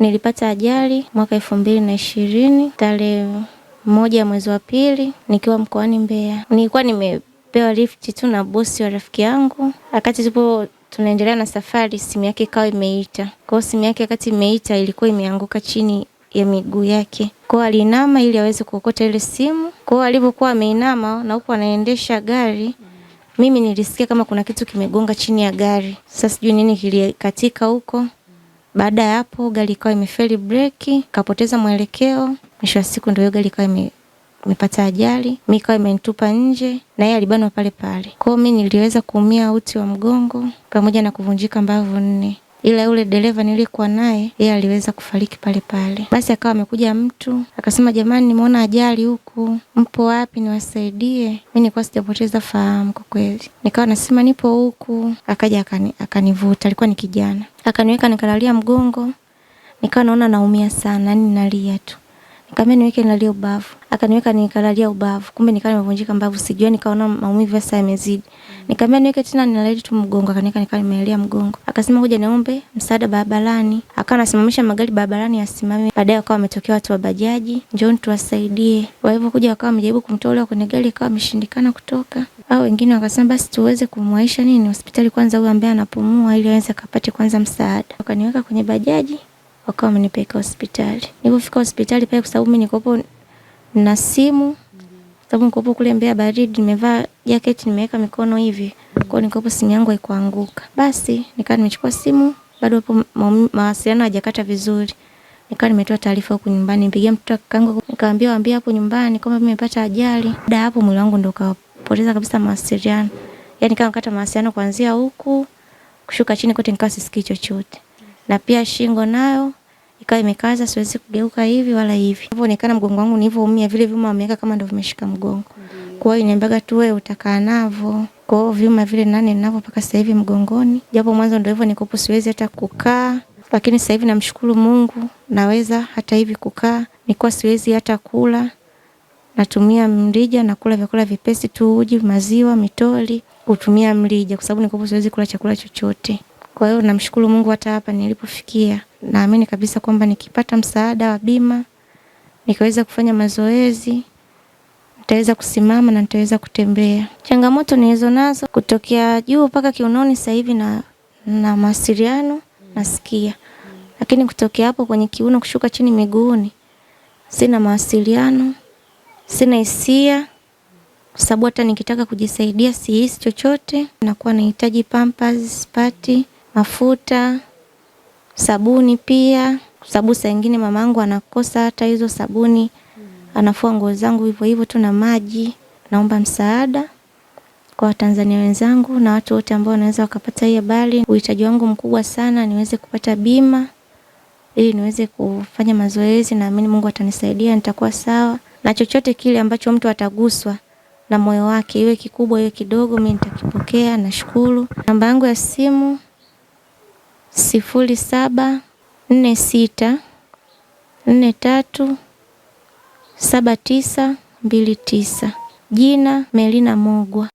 Nilipata ajali mwaka elfu mbili na ishirini tarehe moja mwezi wa pili nikiwa mkoani Mbeya. Nilikuwa nimepewa lifti tu na bosi wa rafiki yangu. Wakati tupo tunaendelea na safari, simu yake ikawa imeita. Kwa hiyo simu yake wakati imeita ilikuwa imeanguka chini ya miguu yake. Kwa hiyo alinama ili aweze kuokota ile simu. Kwa hiyo alipokuwa ameinama na huku anaendesha gari, mimi nilisikia kama kuna kitu kimegonga chini ya gari. Sasa sijui nini kilikatika huko. Baada ya hapo gari ikawa imefeli breki, kapoteza mwelekeo. Mwisho wa siku ndio hiyo gari ikawa ime imepata ajali, mi ikawa imenitupa nje na yeye alibanwa pale pale. Kwao mi niliweza kuumia uti wa mgongo pamoja na kuvunjika mbavu nne ila yule dereva nilikuwa naye yeye aliweza kufariki pale pale. Basi akawa amekuja mtu akasema, jamani, nimeona ajali huku, mpo wapi niwasaidie? Mi nilikuwa sijapoteza fahamu kwa kweli, nikawa nasema nipo huku. Akaja akani, akanivuta, alikuwa ni kijana, akaniweka nikalalia mgongo, nikawa naona naumia sana, yani nalia tu. Akaambia niweke nilalie ubavu. Akaniweka nikalalia ubavu. Kumbe nikawa nimevunjika mbavu, sijui nikaona maumivu sasa yamezidi. Nikamwambia niweke tena nilalie tu mgongo, akaniweka nikawa nimelalia mgongo. Akasema kuja niombe msaada barabarani. Akawa anasimamisha magari barabarani yasimame. Baadaye wakawa wametokea watu wa bajaji, njooni tuwasaidie. Walivyokuja wakawa wamejaribu kumtoa kwenye gari, akawa ameshindikana kutoka. Au wengine wakasema basi tuweze kumwaisha nini hospitali kwanza, huyo ambaye anapumua, ili aweze akapate kwanza msaada. Wakaniweka kwenye bajaji wakawa wamenipeleka hospitali. Nilipofika hospitali pale, kwa sababu mimi nikopo na simu, sababu nikopo kule Mbeya baridi, nimevaa jaketi nimeweka mikono hivi, kwa nikopo simu yangu haikuanguka. Basi nikaa nimechukua simu, bado hapo mawasiliano hajakata vizuri, nikaa nimetoa taarifa huko nyumbani, nipigia mtoto kangu, nikamwambia waambie hapo nyumbani kwamba mimi nimepata ajali. Baada hapo mwili wangu ndo kapoteza kabisa mawasiliano, yani kama kata mawasiliano kuanzia huku kushuka chini kote, nikawa sisikii chochote na pia shingo nayo ikawa imekaza, siwezi kugeuka hivi wala hivi. Ilivyoonekana mgongo wangu umia vile vyuma wameweka kama ndio vimeshika mgongo. Kwa hiyo niambiaga tu wewe utakaa navo. Kwa hiyo vyuma vile nane ninavyo mpaka sasa hivi mgongoni, japo mwanzo ndio hivyo nikopo, siwezi hata kukaa, lakini sasa hivi namshukuru Mungu naweza hata hivi kukaa. Nilikuwa siwezi hata kula, natumia mrija na kula vyakula vipesi tu, uji, maziwa, mitoli, kutumia mrija, kwa sababu nikopo siwezi kula chakula chochote. Kwa hiyo namshukuru Mungu hata hapa nilipofikia naamini kabisa kwamba nikipata msaada wa bima nikaweza kufanya mazoezi nitaweza kusimama na nitaweza kutembea. Changamoto nilizo nazo kutokea juu mpaka kiunoni, sasa hivi na na mawasiliano nasikia, lakini kutokea hapo kwenye kiuno kushuka chini miguuni, sina mawasiliano, sina hisia, kwa sababu hata nikitaka kujisaidia sihisi chochote. Nakuwa nahitaji pampers, pati, mafuta sabuni pia, sabu sababu saa ingine mamangu anakosa hata hizo sabuni, anafua nguo zangu hivyo hivyo tu na maji. Naomba msaada kwa Watanzania wenzangu na watu wote ambao wanaweza wakapata hii habari. Uhitaji wangu mkubwa sana niweze kupata bima ili niweze kufanya mazoezi. Naamini Mungu atanisaidia, nitakuwa sawa, na chochote kile ambacho mtu ataguswa na moyo wake, iwe kikubwa iwe kidogo, mimi nitakipokea. Nashukuru. Namba yangu ya simu sifuri saba nne sita nne tatu saba tisa mbili tisa. Jina Melina Mogwa.